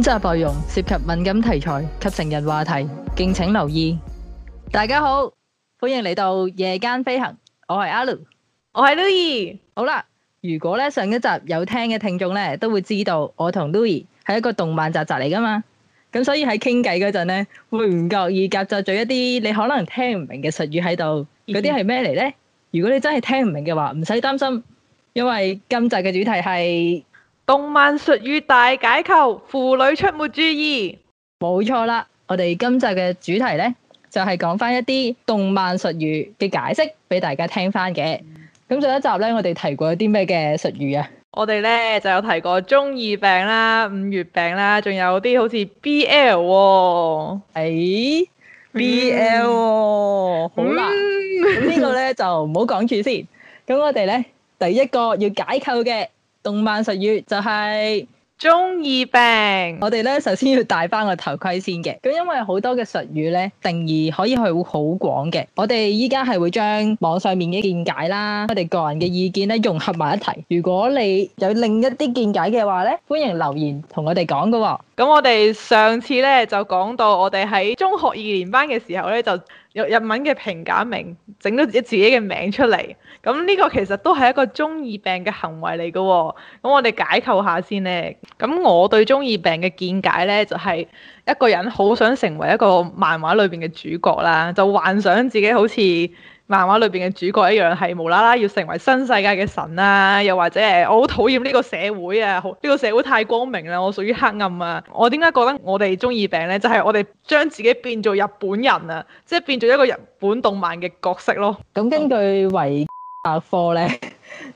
本集內容涉及敏感題材及成人話題，敬請留意。大家好，歡迎嚟到夜間飛行。我係 Alu，我係 Louis。好啦，如果咧上一集有聽嘅聽眾咧，都會知道我同 Louis 係一個動漫宅宅嚟噶嘛。咁所以喺傾偈嗰陣咧，會唔覺意夾雜咗一啲你可能聽唔明嘅術語喺度。嗰啲係咩嚟呢？ 如果你真係聽唔明嘅話，唔使擔心，因為今集嘅主題係。動漫術語大解構，腐女出沒注意。冇錯啦，我哋今集嘅主題呢，就係講翻一啲動漫術語嘅解釋俾大家聽翻嘅。咁上一集呢，我哋提過一啲咩嘅術語啊？我哋呢就有提過中二病啦、五月病啦，仲有啲好似 BL 喎。誒，BL，好難。咁呢、嗯、 個呢，就唔好講住先。咁我哋呢，第一個要解構嘅。動漫術語就係、是、中二病。我哋咧，首先要戴返個頭盔先嘅。咁因為好多嘅術語咧，定義可以係會好廣嘅。我哋依家係會將網上面嘅見解啦，我哋個人嘅意見咧，融合埋一齊。如果你有另一啲見解嘅話咧，歡迎留言同我哋講㗎。咁我哋上次咧，就講到我哋喺中學二年班嘅時候咧就。日日文嘅平假名整咗自己自己嘅名出嚟，咁呢個其實都係一個中二病嘅行為嚟嘅喎。咁我哋解構下先咧。咁我對中二病嘅見解咧，就係一個人好想成為一個漫畫裏邊嘅主角啦，就幻想自己好似。漫畫裏邊嘅主角一樣，係無啦啦要成為新世界嘅神啦，啊，又或者誒，我好討厭呢個社會啊，呢，這個社會太光明啦，我屬於黑暗啊！我點解覺得我哋中二病咧？就係、是、我哋將自己變做日本人啊，即係變做一個日本動漫嘅角色咯。咁、嗯、根據維百科咧，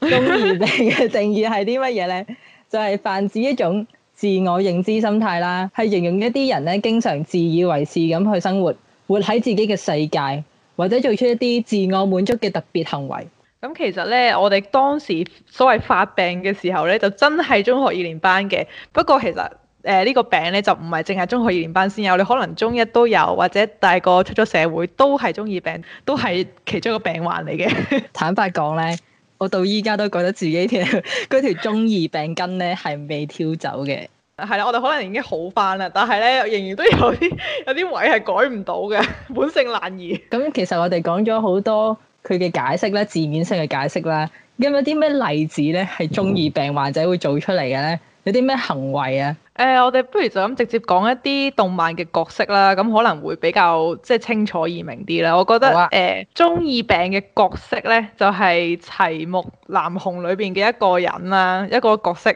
中二病嘅定義係啲乜嘢咧？ 就係泛指一種自我認知心態啦，係形容一啲人咧，經常自以為是咁去生活，活喺自己嘅世界。或者做出一啲自我滿足嘅特別行為。咁其實咧，我哋當時所謂發病嘅時候咧，就真係中學二年班嘅。不過其實誒呢、呃呢個病咧就唔係淨係中學二年班先有，你可能中一都有，或者大個出咗社會都係中二病，都係其中一個病患嚟嘅。 坦白講咧，我到依家都覺得自己條,條中二病根咧係未挑走嘅。係啦，我哋可能已經好返啦，但係咧仍然都有啲有啲位係改唔到嘅，本性難移。咁、嗯、其實我哋講咗好多佢嘅解釋咧，字面性嘅解釋啦，咁有啲咩例子咧係中二病患者會做出嚟嘅咧？有啲咩行為啊？誒、呃，我哋不如就咁直接講一啲動漫嘅角色啦，咁、嗯、可能會比較即係、就是、清楚易明啲啦。我覺得誒、啊呃，中二病嘅角色咧就係、是、齊木楠雄裏邊嘅一個人啦、啊，一個角色。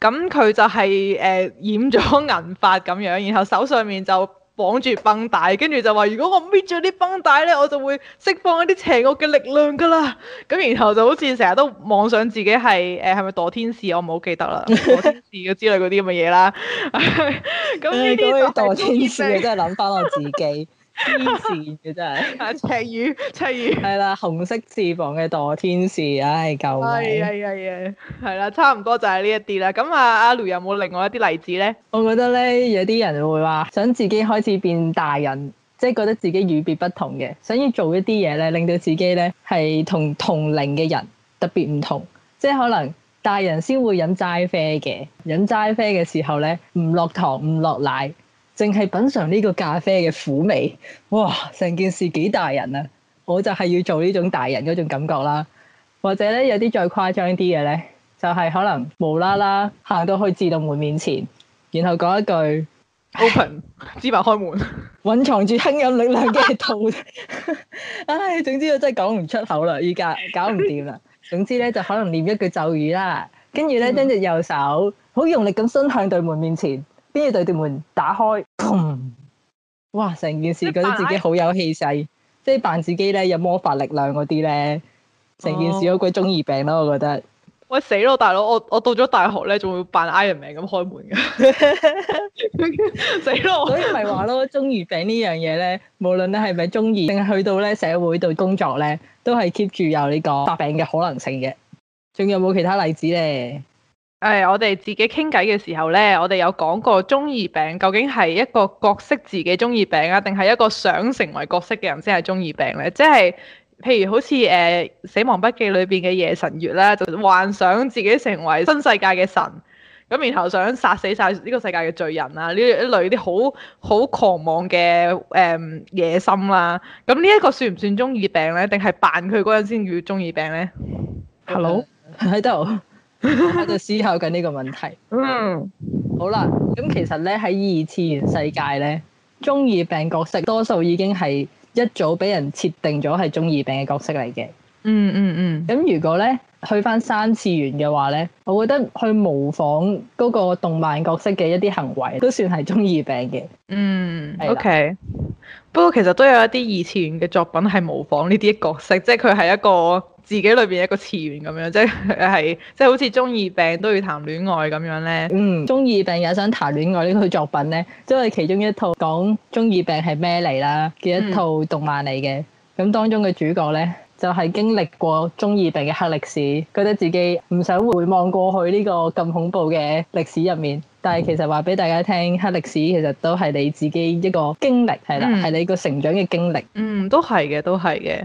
咁佢就係、是、誒、呃、染咗銀髮咁樣，然後手上面就綁住繃帶，跟住就話：如果我搣咗啲繃帶咧，我就會釋放一啲邪惡嘅力量㗎啦。咁然後就好似成日都妄想自己係誒係咪墮天使，我唔好記得啦，墮 那、 哎、天使嘅之類嗰啲咁嘅嘢啦。咁呢啲墮天使嘅真係諗翻我自己。 黐線嘅真係，赤羽赤羽，係啦， 紅色翅膀嘅墮天使，唉、哎，救命係係係，係啦、哎哎哎，差唔多就係呢一啲啦。咁啊，阿 L 有冇另外一啲例子咧？我覺得咧，有啲人會話想自己開始變大人，即係覺得自己與別不同嘅，想要做一啲嘢咧，令到自己咧係同同齡嘅人特別唔同，即係可能大人先會飲齋啡嘅，飲齋啡嘅時候咧，唔落糖，唔落奶。淨係品嚐呢個咖啡嘅苦味，哇！成件事幾大人啊！我就係要做呢種大人嗰種感覺啦。或者咧有啲再誇張啲嘅咧，就係、是、可能無啦啦行到去自動門面前，然後講一句 Open 芝麻開門，隱藏住強忍力量嘅套。唉、 哎，總之我真係講唔出口啦，依家搞唔掂啦。總之咧就可能唸一句咒語啦，跟住咧跟住右手好用力咁伸向對門面，面前。邊隻對住門打開，嘭！哇，成件事覺得自己好有氣勢，即係扮自己咧有魔法力量嗰啲咧，成、oh. 件事好鬼中二病咯，我覺得。喂死咯，大佬，我我到咗大學咧，仲會扮 Iron Man 咁開門嘅，死 咯 了！所以咪話咯，中二病呢樣嘢咧，無論你係咪中二，定係去到咧社會度工作咧，都係 keep 住有呢個發病嘅可能性嘅。仲有冇其他例子咧？誒、哎，我哋自己傾偈嘅時候咧，我哋有講過中二病究竟係一個角色自己中二病啊，定係一個想成為角色嘅人先係中二病咧？即係譬如好似誒、呃《死亡筆記》裏邊嘅夜神月啦、啊，就幻想自己成為新世界嘅神，咁然後想殺死晒呢個世界嘅罪人啦、啊，呢一類啲好好狂妄嘅誒、嗯、野心啦、啊。咁呢一個算唔算中二病咧？定係扮佢嗰陣先叫中二病咧？Hello，喺度。我喺度思考緊呢個問題。嗯 好啦，咁、嗯、其實咧，喺二次元世界咧，中二病角色多數已經係一早俾人設定咗係中二病嘅角色嚟嘅，嗯。嗯嗯嗯。咁如果咧去翻三次元嘅話咧，我覺得去模仿嗰個動漫角色嘅一啲行為，都算係中二病嘅。嗯啦，OK。不過其實都有一啲二次元嘅作品係模仿呢啲角色，即係佢係一個。自己裏邊一個詞源咁樣，即係即係好似中二病都要談戀愛咁樣咧。嗯，中二病也想談戀愛呢套作品咧，即係其中一套講中二病係咩嚟啦嘅一套動漫嚟嘅。咁，嗯，當中嘅主角咧，就係經歷過中二病嘅黑歷史，覺得自己唔想回望過去呢個咁恐怖嘅歷史入面。但係其實話俾大家聽，黑歷史其實都係你自己一個經歷，係啦，係你個成長嘅經歷。嗯，嗯，都係嘅，都係嘅。咁，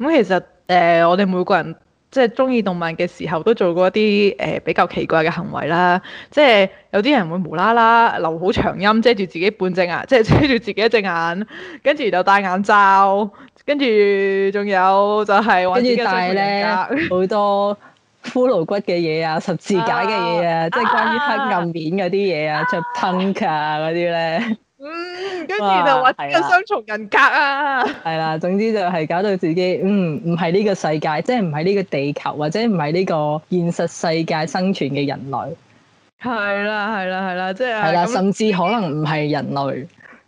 嗯，其實。誒、呃，我哋每個人即係中意動漫嘅時候，都做過一啲誒、呃、比較奇怪嘅行為啦。即係有啲人會無啦啦留好長音，遮住自己半隻眼，即係遮住自己一隻眼，跟住就戴眼罩，跟住仲有就係玩啲嘅嘢咧，好 多骷髏骨嘅嘢啊，十字架嘅嘢啊，啊啊即係關於黑暗面嗰啲嘢啊，着 punk 嗰啲咧。啊啊嗯，跟住就搵個雙重人格啊！係啦，總之就係搞到自己，嗯，唔係呢個世界，即係唔係呢個地球，或者唔係呢個現實世界生存嘅人類。係啦，係啦，係啦，即係係啦，甚至可能唔係人類。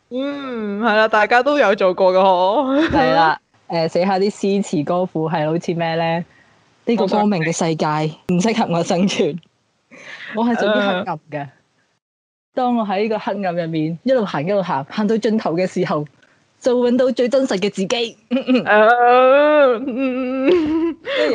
嗯，係啦，大家都有做過噶嗬。係啦，誒，寫下啲詩詞歌賦係好似咩咧？呢個光明嘅世界，唔適合我生存。我係做啲黑牛嘅。當我喺呢個黑暗入面一路行一路行，行到盡頭嘅時候，就搵到最真實嘅自己。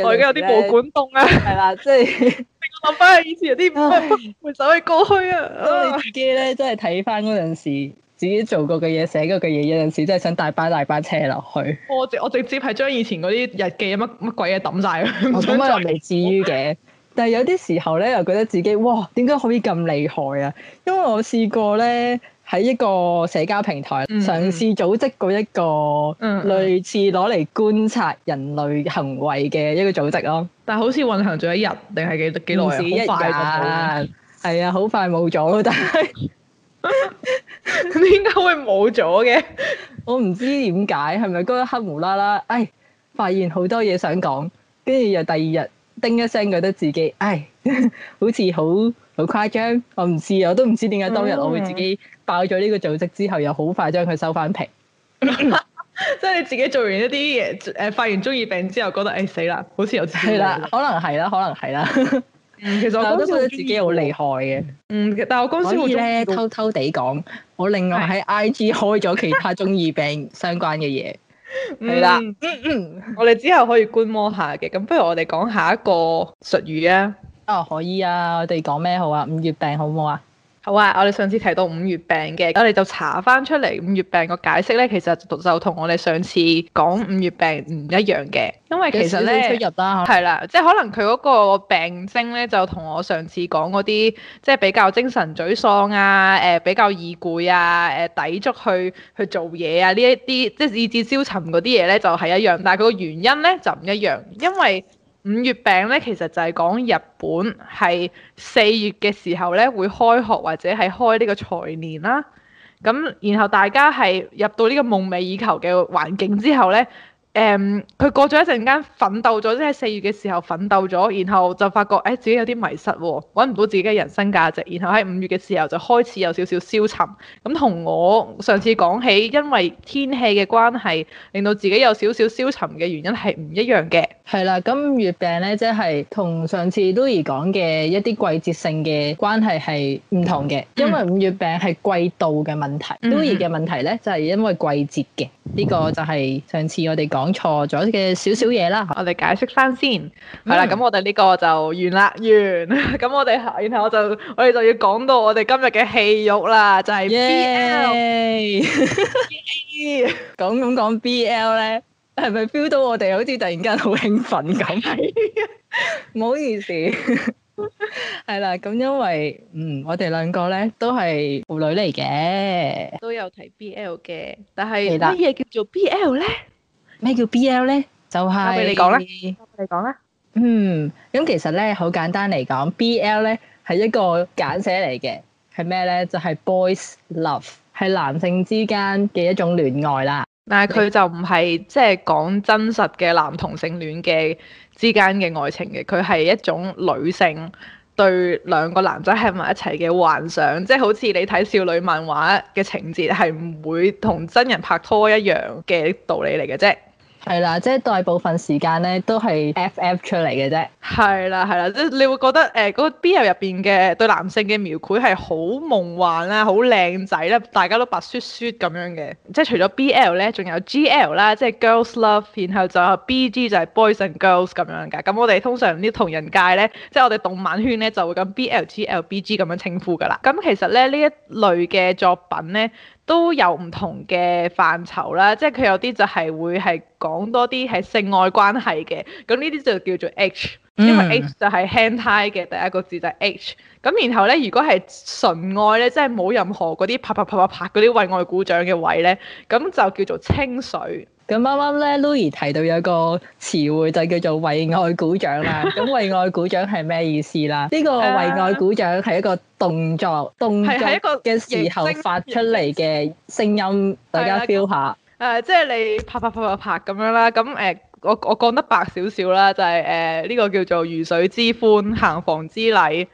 我而家有啲毛管戙啊！係、嗯、啦，即係諗翻起以前有啲唔係回首嘅過去啊！當你自己咧，真係睇翻嗰陣時，自己做過嘅嘢、寫過嘅嘢，有陣時真係想大巴大巴車落去 我。我直我直接係將以前嗰啲日記乜乜鬼嘢抌晒，咁就未至於嘅。但係有啲時候咧，又覺得自己哇，點解可以咁厲害啊？因為我試過咧，喺一個社交平台嘗試組織過一個類似攞嚟觀察人類行為嘅一個組織咯。嗯嗯嗯嗯。但係好似運行咗一日定係幾幾耐啊？好 快，係啊，好快冇咗。但係點解會冇咗嘅？ 我唔知點解，係咪嗰一刻無啦啦，唉，發現好多嘢想講，跟住又第二日。叮一聲覺得自己，唉，好似好好誇張。我唔知，我都唔知點解當日我會自己爆咗呢個組織之後，又好快將佢收翻皮。即係你自己做完一啲嘢，誒發完中二病之後，覺得唉死啦，好似有真係啦，可能係啦，可能係啦。其 實 我都覺得自己好厲害嘅、嗯。嗯，但係我啱先我咧偷偷地講，我另外喺 IG 開咗其他中二病相關嘅嘢。 係啦，嗯、 我哋之後可以觀摩下嘅，咁不如我哋講下一個術語啊？哦，可以啊，我哋講咩好啊？五月病好唔好啊？好啊，我哋上次提到五月病嘅，我哋就查返出嚟五月病個解釋咧，其實就同我哋上次講五月病唔一樣嘅，因為其實咧，出入啦，係啦，即係可能佢嗰個病徵咧就同我上次講嗰啲即係比較精神沮喪啊、誒、呃、比較易攰啊、誒、呃、抵觸去去做嘢啊呢一啲即係意志消沉嗰啲嘢咧就係、是、一樣，但係佢個原因咧就唔一樣，因為。五月病咧，其實就係講日本係四月嘅時候咧，會開學或者係開呢個財年啦。咁然後大家係入到呢個夢寐以求嘅環境之後咧。誒，佢、um，過咗一陣間，奮鬥咗，即係四月嘅時候奮鬥咗，然後就發覺，誒、哎，自己有啲迷失喎、哦，揾唔到自己嘅人生價值，然後喺五月嘅時候就開始有少少消沉。咁、嗯、同我上次講起，因為天氣嘅關係，令到自己有少少消沉嘅原因係唔一樣嘅。係啦、啊，咁五月病咧，即係同上次 Lui 講嘅一啲季節性嘅關係係唔同嘅，因為五月病係季度嘅問題，Lui 嘅、嗯、問題咧就係、是、因為季節嘅，呢個就係上次我哋講。講錯咗嘅少少嘢啦，我哋解釋翻先。係啦，咁我哋呢個就完啦，完。咁我哋，然後我就，我哋就要講到我哋今日嘅戲肉啦，就係 BL。講咁講 BL 咧，係咪 feel 到我哋好似突然間好興奮咁？係，唔好意思。係啦，咁因為，嗯，我哋兩個咧都係腐女嚟嘅，都有睇 BL 嘅，但係咩嘢叫做 BL 咧？咩叫 BL 咧？就係交俾你講啦。你講啦。嗯，咁其實咧好簡單嚟講，BL 咧係一個簡寫嚟嘅，係咩咧？就係 boys love，係男性之間嘅一種戀愛啦。但係佢就唔係即係講真實嘅男同性戀嘅之間嘅愛情嘅，佢係一種女性對兩個男仔喺埋一齊嘅幻想，即係好似你睇少女漫畫嘅情節，係唔會同真人拍拖一樣嘅道理嚟嘅啫。係啦，即係大部分時間咧都係 F/F 出嚟嘅啫。係啦，係啦，即係你會覺得誒嗰、呃那個、B/L 入邊嘅對男性嘅描繪係好夢幻啦，啊，好靚仔啦，大家都白雪雪咁樣嘅。即係除咗 B/L 咧，仲有 G/L 啦，即係 Girls Love，然後就有 B/G 就係 Boys and Girls 咁樣㗎。咁我哋通常啲同人界咧，即係我哋動漫圈咧就會咁 B/L/G/L/B/G 咁樣稱呼㗎啦。咁其實咧呢一類嘅作品咧，都有唔同嘅範疇啦，即係佢有啲就係會係講多啲係性愛關係嘅，咁呢啲就叫做 H，因為 H 就係 hentai 嘅第一個字就係 H，咁然後咧如果係純愛咧，即係冇任何嗰啲啪啪啪啪啪嗰啲為愛鼓掌嘅位咧，咁就叫做清水。咁啱啱咧，Louis 提到有個詞彙就叫做為愛鼓掌啦。咁 為愛鼓掌係咩意思啦？呢、呢個為愛鼓掌係一個動作，動作嘅時候發出嚟嘅聲音，是是聲大家 feel 下。誒，即係你拍拍拍拍拍咁樣啦。咁誒，我我講得白少少啦，就係誒呢個叫做如水之歡，行房之禮。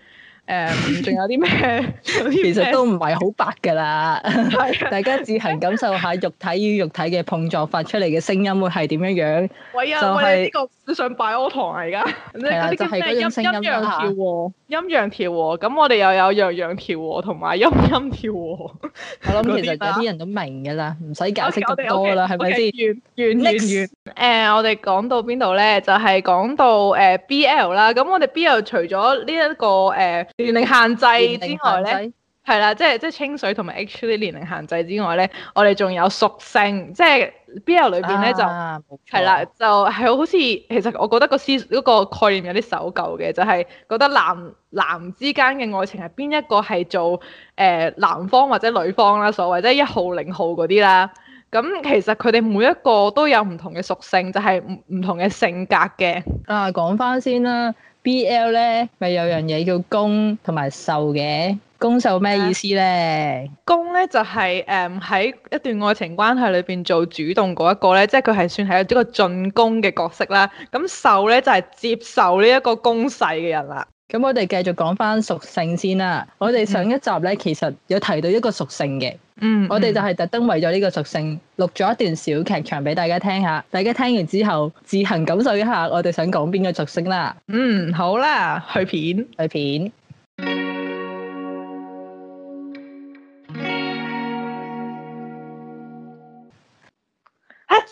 誒，仲、um, 有啲咩？ 其實都唔係好白㗎啦， 大家自行感受下肉體與肉體嘅碰撞發出嚟嘅聲音會係點樣樣？喂啊！就係、喂你、呢個、你 啊！你想拜阿堂啊而家，係就係嗰種聲音調和，陰陽調和，咁我哋又有陽陽調和同埋陰陰調和。 我諗其實有啲人都明㗎啦，唔使解釋咁多啦，係咪先？圓圓圓。Next! 誒、呃，我哋講到邊度咧？就係、是、講到誒、呃、BL 啦。咁我哋 BL 除咗呢一個誒、呃、年齡限制之外咧，係啦，即係即係清水同埋 H 啲年齡限制之外咧，我哋仲有屬性，即、就、係、是、BL 裏邊咧就係啦，就係、啊、好似其實我覺得個思、嗰個概念有啲守舊嘅，就係、是、覺得男男之間嘅愛情係邊一個係做誒、呃、男方或者女方啦，所謂即係一號零號嗰啲啦。咁其實佢哋每一個都有唔同嘅屬性，就係、唔、唔同嘅性格嘅。啊，講翻先啦，BL 咧咪有樣嘢叫攻同埋受嘅。攻受咩意思咧？攻咧、啊、就係誒喺一段愛情關係裏邊做主動嗰一個咧，即係佢係算係一個進攻嘅角色啦。咁受咧就係、是、接受呢一個攻勢嘅人啦。咁我哋繼續講翻屬性先啦。Mm hmm. 我哋上一集咧，其實有提到一個屬性嘅，嗯、mm，hmm. 我哋就係特登為咗呢個屬性錄咗一段小劇場俾大家聽下。大家聽完之後自行感受一下，我哋想講邊個屬性啦。嗯、mm，hmm. 好啦，去片去片。lim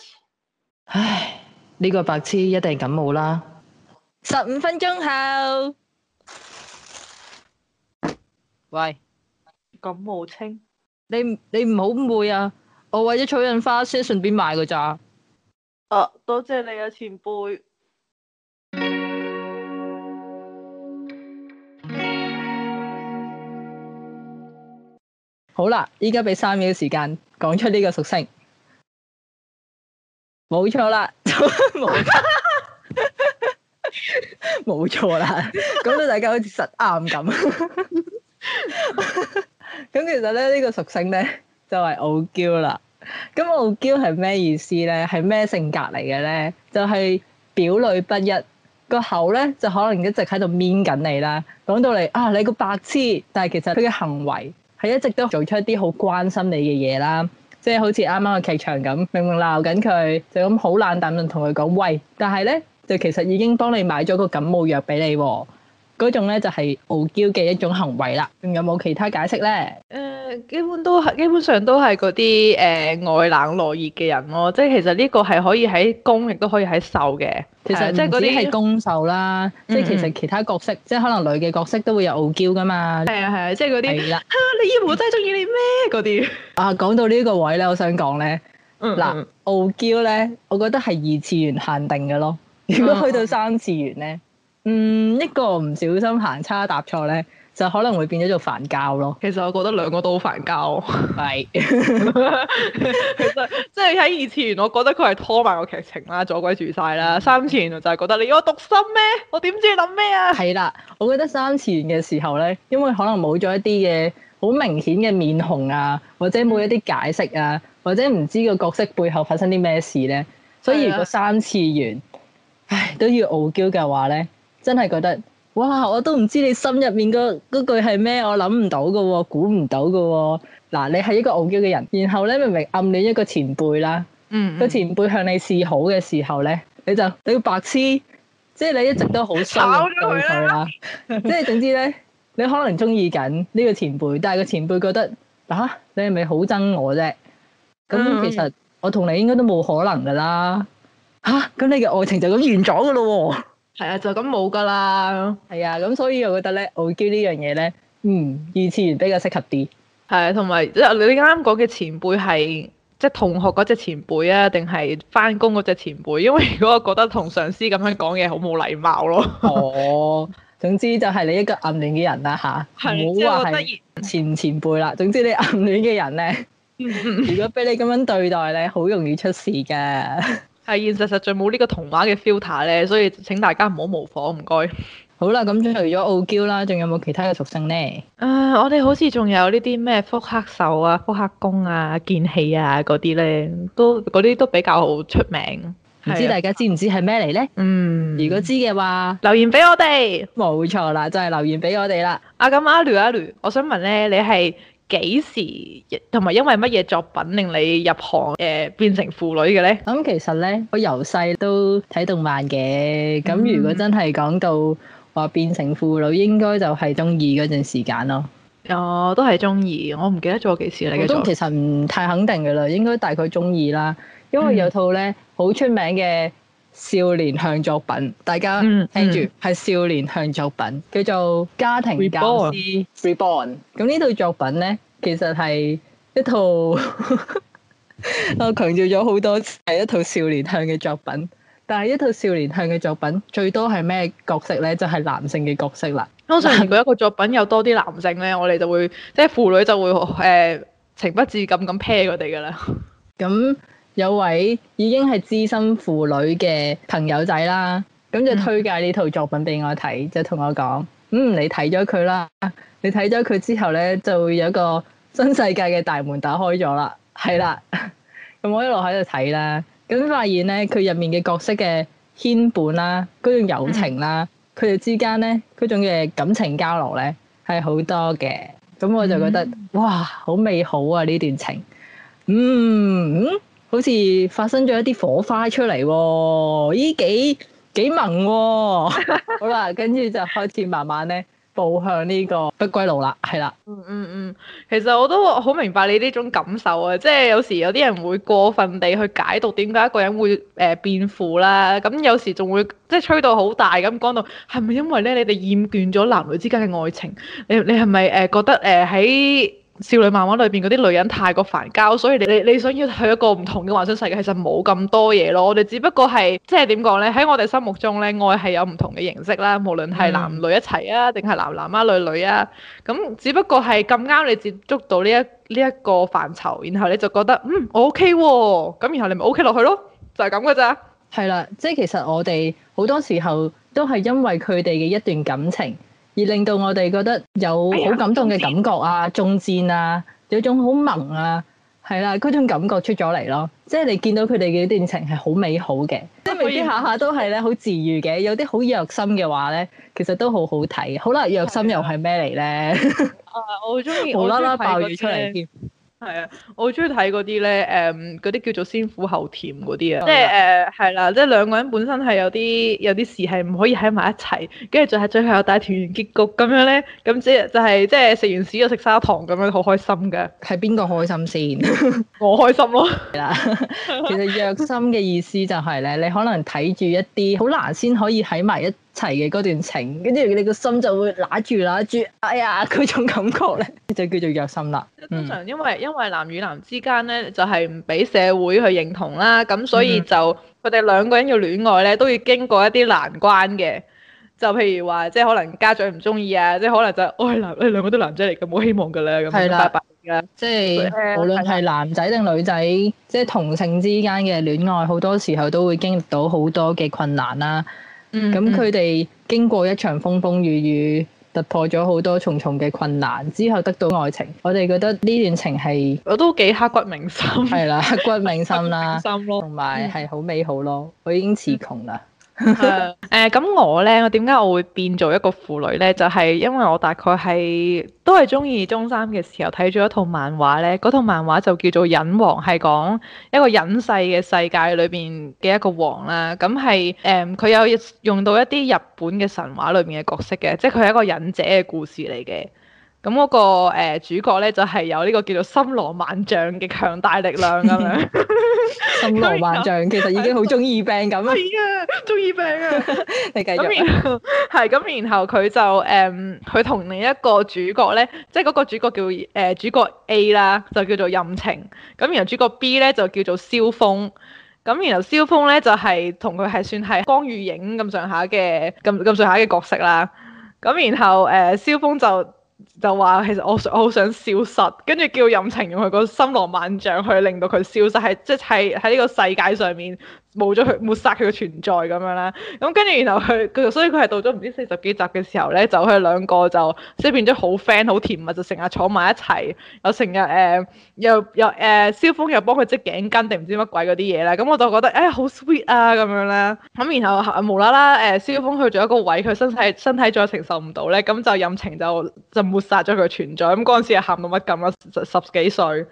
唉，呢個白痴一定感冒啦。十五分鐘後。喂，咁冇清，你你唔好誤會啊！我為咗採印花先，順便買噶咋。啊，多謝你啊，前輩。好啦，依家俾三秒時間講出呢個屬性。冇錯啦，冇 錯啦，講到大家好似實啱咁。咁 其實咧呢個屬性咧就係傲嬌啦。咁傲嬌係咩意思咧？係咩性格嚟嘅咧？就係表裏不一，個口咧就可能一直喺度 mean 緊你啦。講到你啊，你個白痴！但係其實佢嘅行為係一直都做出一啲好關心你嘅嘢啦。即係好似啱啱個劇場咁，明明鬧緊佢，就咁好冷淡咁同佢講喂，但係咧就其實已經幫你買咗個感冒藥俾你喎。嗰種咧就係、是、傲嬌嘅一種行為啦，仲有冇其他解釋咧？誒、呃，基本都係，基本上都係嗰啲誒外冷內熱嘅人咯、哦，即係其實呢個係可以喺攻亦都可以喺受嘅。其實即係嗰啲係攻受啦，啊嗯、即係其實其他角色，即係可能女嘅角色都會有傲嬌㗎嘛。係啊係啊，即係嗰啲你以為我真係中意你咩嗰啲？ 啊，講到呢個位咧，我想講咧，嗱、嗯、傲嬌咧，我覺得係二次元限定嘅咯，如果去到三次元咧。 嗯，一個唔小心行差踏錯咧，就可能會變咗做煩教咯。其實我覺得兩個都好煩教，係， 其實即係喺二次元我覺得佢係拖慢個劇情啦，阻鬼住晒啦。三次元就係覺得你我讀心咩？我點知你諗咩啊？係啦，我覺得三次元嘅時候咧，因為可能冇咗一啲嘅好明顯嘅面紅啊，或者冇一啲解釋啊，或者唔知個角色背後發生啲咩事咧，所以如果三次元，了唉，都要傲嬌嘅話咧。真係覺得，哇！我都唔知你心入面嗰嗰句係咩，我諗唔到㗎喎，估唔到㗎喎。嗱，你係一個傲嬌嘅人，然後咧，明明暗戀一個前輩啦。嗯嗯。個前輩向你示好嘅時候咧，你就你要白痴，即係你一直都好衰對佢啦。即係總之咧，你可能中意緊呢個前輩，但係個前輩覺得嚇你係咪好憎我啫？咁其實我同你應該都冇可能㗎喇。嚇！咁你嘅愛情就咁完咗㗎咯喎～係啊，就咁冇噶啦。係啊，咁所以我覺得咧，我叫呢樣嘢咧，嗯，二次元比較適合啲。係啊，同埋即係你啱啱講嘅前輩係即係同學嗰隻前輩啊，定係翻工嗰隻前輩？因為如果我覺得同上司咁樣講嘢好冇禮貌咯。哦，總之就係你一個暗戀嘅人啦、啊、吓，唔好話係前前輩啦、啊。總之你暗戀嘅人咧， 如果俾你咁樣對待咧，好容易出事噶。係現實實在冇呢個童話嘅 filter 咧，所以請大家唔好模仿，唔該。好啦，咁除咗傲嬌啦，仲有冇其他嘅屬性呢？啊，我哋好似仲有呢啲咩腹黑受啊、腹黑攻啊、健氣啊嗰啲咧，都嗰啲都比較好出名。唔知大家知唔知係咩嚟呢？啊、嗯，如果知嘅話，留言俾我哋。冇錯啦，就係、是、留言俾我哋啦、啊。阿金啊，聊一聊，我想問咧，你係。幾時同埋因為乜嘢作品令你入行？誒、呃，變成腐女嘅咧？咁其實咧，我由細都睇動漫嘅。咁如果真係講到話變成腐女，嗯、應該就係中二嗰陣時間咯、哦。我，我都係中二，我唔記得咗幾時嚟嘅咗。其實唔太肯定噶啦，應該大概中二啦，因為有套咧好出名嘅。少年向作品，大家聽住係少年向作品，叫做家庭教師 Reborn。咁呢套作品咧，其實係一套，我強調咗好多次，係一套少年向嘅作品。但係一套少年向嘅作品，最多係咩角色咧？就係男性嘅角色啦。通常如果一個作品有多啲男性咧，我哋就會即係腐女就會誒情不自禁咁 pair 佢哋噶啦。咁有位已經係資深腐女嘅朋友仔啦，咁就推介呢套作品俾我睇，嗯、就同我講：嗯，你睇咗佢啦，你睇咗佢之後咧，就會有個新世界嘅大門打開咗啦。係 啦，咁我一路喺度睇咧，咁發現咧佢入面嘅角色嘅牽絆啦，嗰種友情啦，佢哋、嗯、之間咧嗰種嘅感情交流咧係好多嘅。咁我就覺得、嗯、哇，好美好啊！呢段情，嗯。好似發生咗一啲火花出嚟喎、哦，咦幾幾萌喎，哦、 好啦，跟住就開始慢慢咧步向呢個不歸路啦，係啦、嗯，嗯嗯嗯，其實我都好明白你呢種感受啊，即係有時有啲人會過分地去解讀點解一個人會誒變腐啦，咁有時仲會即係吹到好大咁，講到係咪因為咧你哋厭倦咗男女之間嘅愛情，你你係咪誒覺得誒喺？呃少女漫畫裏邊嗰啲女人太過煩膠，所以你你想要去一個唔同嘅幻想世界，其實冇咁多嘢咯。我哋只不過係即係點講咧？喺我哋心目中咧，愛係有唔同嘅形式啦。無論係男女一齊啊，定係男男啊、女女啊，咁、嗯、只不過係咁啱你接觸到呢一呢一、這個範疇，然後你就覺得嗯我 OK 喎，咁然後你咪 OK 落去咯，就係咁噶咋。係啦，即係其實我哋好多時候都係因為佢哋嘅一段感情。而令到我哋覺得有好感動嘅感覺啊，中箭啊，有種好萌啊，係啦、啊，嗰種感覺出咗嚟咯，即係你見到佢哋嘅段情係好美好嘅，即係未必下下都係咧，好治癒嘅，有啲好虐心嘅話咧，其實都好好睇。好啦，虐心又係咩嚟咧？啊，我好中意無啦啦爆出嚟添。係啊，我好中意睇嗰啲咧，誒、嗯，嗰啲叫做先苦後甜嗰啲啊，即係誒係啦，即係兩個人本身係有啲有啲事係唔可以喺埋一齊，跟住就係最後有大團圓結局咁樣咧，咁即係就係即係食完屎又食砂糖咁樣，好、就是就是、開心噶。係邊個好開心先？ 我開心咯。係啦，其實虐心嘅意思就係咧，你可能睇住一啲好難先可以喺埋一。齊嘅嗰段情，跟住你個心就會揦住揦住，哎呀，佢種感覺咧就叫做虐心啦。通常、嗯、因為因為男與男之間咧就係唔俾社會去認同啦，咁所以就佢哋、嗯、兩個人嘅戀愛咧都要經過一啲難關嘅。就譬如話，即係可能家長唔中意啊，即係可能就，哦、哎，男你兩個都男仔嚟嘅，冇希望噶啦，咁拜拜啦。即係無論係男仔定女仔，即係同性之間嘅戀愛，好多時候都會經歷到好多嘅困難啦。咁佢哋經過一場風風雨雨，突破咗好多重重嘅困難之後，得到愛情。我哋覺得呢段情係我都幾刻骨銘心。係啦， 刻骨銘心啦，心咯，同埋係好美好咯。我已經辭窮啦。嗯係誒，咁我咧，我點解我會變做一個腐女咧？就係因為我大概係都係中二中三嘅時候睇咗一套漫畫咧，套漫畫就叫做《隱王》，係講一個隱世嘅世界裏邊嘅一個王啦。咁係誒，佢有用到一啲日本嘅神話裏邊嘅角色嘅，即係佢係一個忍者嘅故事嚟嘅。咁嗰、那個、呃、主角咧，就係、是、有呢個叫做森羅萬象嘅強大力量咁樣。森 羅萬象，其實已經好中二病咁啊！係啊，中二病啊！你繼續。咁係咁，然後佢就誒，佢、嗯、同另一個主角咧，即係嗰個主角叫誒、呃、主角 A 啦，就叫做任晴。咁然後主角 B 咧就叫做蕭峰。咁然後蕭峰咧就係同佢係算係光與影咁上下嘅咁咁上下嘅角色啦。咁然後誒、呃，蕭峰就。就話，其實我想我好想消失，跟住叫任情用佢個心羅萬象去令到佢消失，係即係喺呢個世界上面。冇咗佢抹殺佢嘅存在咁樣啦，咁跟住然後佢，佢所以佢係到咗唔知四十幾集嘅時候咧，就佢兩個就即係變咗好 friend，好甜蜜，就成日坐埋一齊，又成日誒又又誒、呃，蕭峰又幫佢織頸巾定唔知乜鬼嗰啲嘢啦，咁我就覺得誒、哎、好 sweet 啊咁樣啦，咁然後無啦啦誒蕭峰去咗一個位，佢身體身體再承受唔到咧，咁就任情就就抹殺咗佢嘅存在，咁嗰陣時又喊到乜咁啊十十幾歲，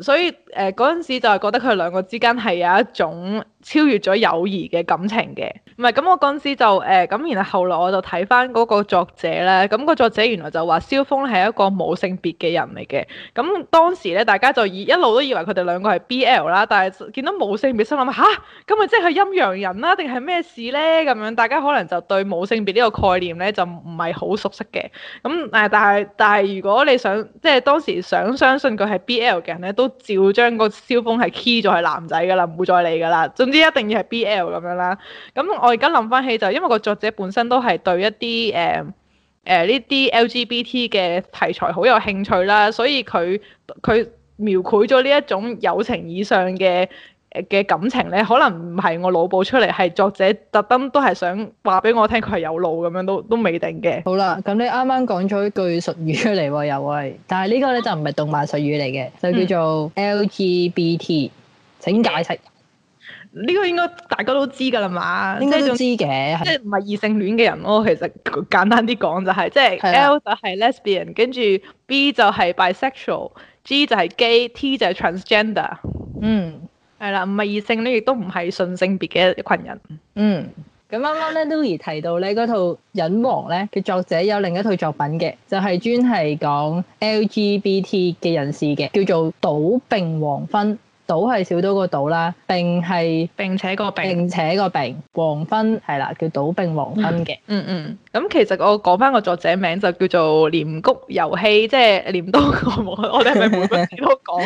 所以誒嗰陣時就係覺得佢兩個之間係有一種。超越咗友誼嘅感情嘅，唔係咁我嗰陣時就誒咁，欸、然後後來我就睇翻嗰個作者咧，咁、個作者原來就話蕭峰係一個冇性別嘅人嚟嘅，咁當時咧大家就以一路都以為佢哋兩個係 BL 啦，但係見到冇性別心諗嚇，咁咪即係陰陽人啦、啊，定係咩事咧？咁樣大家可能就對冇性別呢個概念咧就唔係好熟悉嘅，咁誒但係但係如果你想即係當時想相信佢係 BL 嘅人咧，都照將個蕭峰係 key 咗係男仔噶啦，唔會再理噶啦。唔知一定要係 BL 咁樣啦。咁我而家諗翻起就，因為個作者本身都係對一啲誒誒、呃、呢啲、呃、LGBT 嘅題材好有興趣啦，所以佢佢描繪咗呢一種友情以上嘅嘅、呃、感情咧，可能唔係我腦補出嚟，係作者特登都係想話俾我聽，佢係有腦咁樣都都未定嘅。好啦，咁你啱啱講咗一句術語出嚟喎，又喂。但係呢個咧就唔係動漫術語嚟嘅，就叫做 LGBT、嗯。請解釋。呢個應該大家都知㗎啦嘛，應該都知嘅，即係唔係異性戀嘅人咯。的其實簡單啲講就係、是，即係的 L 就係 lesbian，跟住 B 就係 bisexual，G 就係 gay，T 就係 transgender。嗯，係啦，唔係異性戀亦都唔係順性別嘅一群人。嗯，咁啱啱咧，Lui 提到咧嗰套隱王咧，佢作者有另一套作品嘅，就係、是、專係講 LGBT 嘅人士嘅，叫做島並黃昏。島係少咗個島啦，並係並且個並，並並且個並黃昏係啦，叫島並黃昏嘅、嗯。嗯嗯。咁、嗯、其實我講翻個作者名就叫做鎌谷悠希，即係鎌刀個鎌，我哋係咪每個字都講？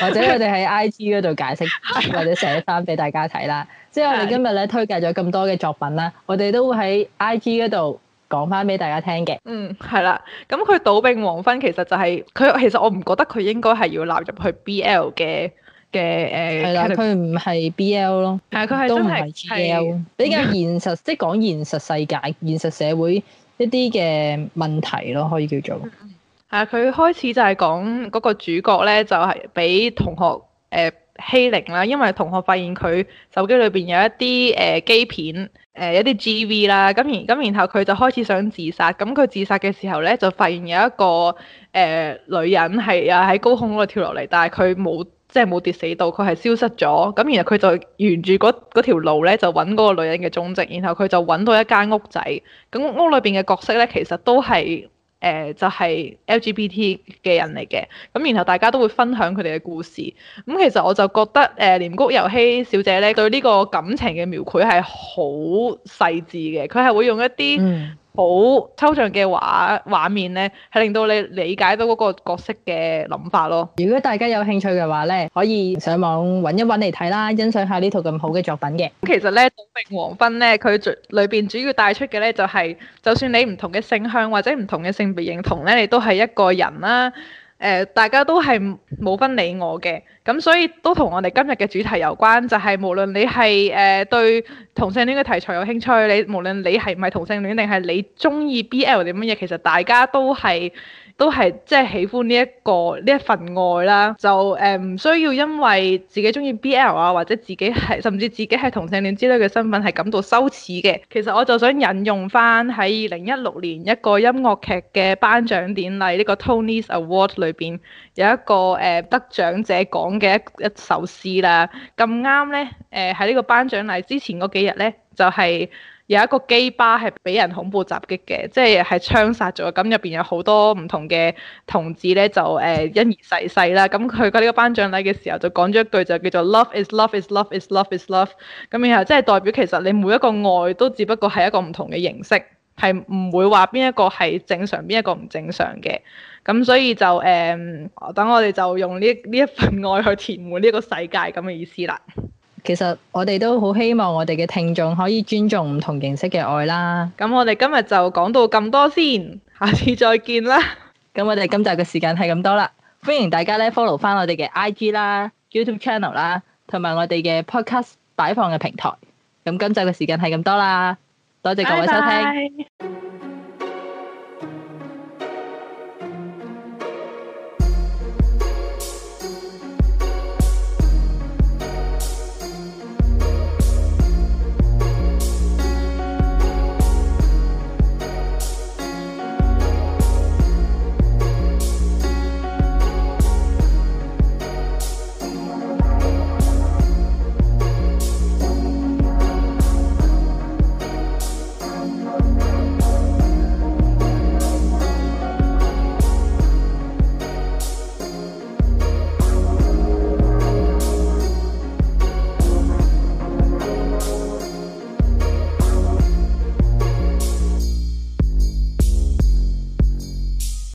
或者佢哋喺 I G 嗰度解釋，或者寫翻俾大家睇啦。即係我哋今日咧推介咗咁多嘅作品啦， 我哋都會喺 I G 嗰度講翻俾大家聽嘅。嗯，係啦。咁佢島並黃昏其實就係、是、佢，其實我唔覺得佢應該係要納入去 B L 嘅。嘅、誒係啦，佢唔係 BL 咯，係啊，佢係真，都唔係 BL，比較現實， 即係講現實世界、現實社會一啲嘅問題咯，可以叫做係啊。佢開始就係講嗰個主角咧，就係、是、俾同學誒、呃、欺凌啦，因為同學發現佢手機裏邊有一啲誒、呃、機片、誒、呃、一啲 GV 啦，咁然咁然後佢就開始想自殺。咁佢自殺嘅時候咧，就發現有一個誒、呃、女人係啊喺高空嗰度跳落嚟，但係佢冇。即係冇跌死到，佢係消失咗。咁然後佢就沿住嗰條路咧，就揾嗰個女人嘅蹤跡。然後佢就揾到一間屋仔。咁屋裏邊嘅角色咧，其實都係誒、呃，就係、是、LGBT 嘅人嚟嘅。咁然後大家都會分享佢哋嘅故事。咁、嗯、其實我就覺得誒、呃，廉谷由希小姐咧，對呢個感情嘅描繪係好細緻嘅。佢係會用一啲，嗯好抽象嘅畫畫面咧，係令到你理解到嗰個角色嘅諗法咯。如果大家有興趣嘅話咧，可以上網揾一揾嚟睇啦，欣賞下呢套咁好嘅作品嘅。咁其實咧，《早明黃昏》咧，佢最裏邊主要帶出嘅咧就係、是，就算你唔同嘅性向或者唔同嘅性別認同咧，你都係一個人啦、啊。誒、呃，大家都係冇分你我嘅，咁所以都同我哋今日嘅主題有關，就係、是、無論你係誒、呃、對同性戀嘅題材有興趣，你無論你係唔係同性戀，定係你鍾意 BL 定乜嘢，其實大家都係。都係即係喜歡呢一個呢一份愛啦，就誒唔需要因為自己中意 BL 啊，或者自己係甚至自己係同性戀之類嘅身份係感到羞恥嘅。其實我就想引用翻喺二零一六年一個音樂劇嘅頒獎典禮呢個 Tony Award 裏邊有一個誒得獎者講嘅一一首詩啦。咁啱咧誒喺呢個頒獎禮之前嗰幾日咧就係。有一個基巴係俾人恐怖襲擊嘅，即係係槍殺咗。咁入邊有好多唔同嘅同志咧，就誒因而逝世啦。咁佢個呢個頒獎禮嘅時候就講咗一句就叫做 Love is, love is love is love is love is love。咁然後即係代表其實你每一個愛都只不過係一個唔同嘅形式，係唔會話邊一個係正常，邊一個唔正常嘅。咁所以就誒，等、嗯、我哋就用呢呢一份愛去填滿呢個世界咁嘅意思啦。其實我哋都好希望我哋嘅聽眾可以尊重唔同形式嘅愛啦。咁我哋今日就講到咁多先，下次再見啦。咁 我哋今集嘅時間係咁多啦，歡迎大家呢 follow 翻我哋嘅 IG 啦、YouTube channel 啦，同埋我哋嘅 podcast 擺放嘅平台。咁今集嘅時間係咁多啦，多謝各位收聽。Bye bye。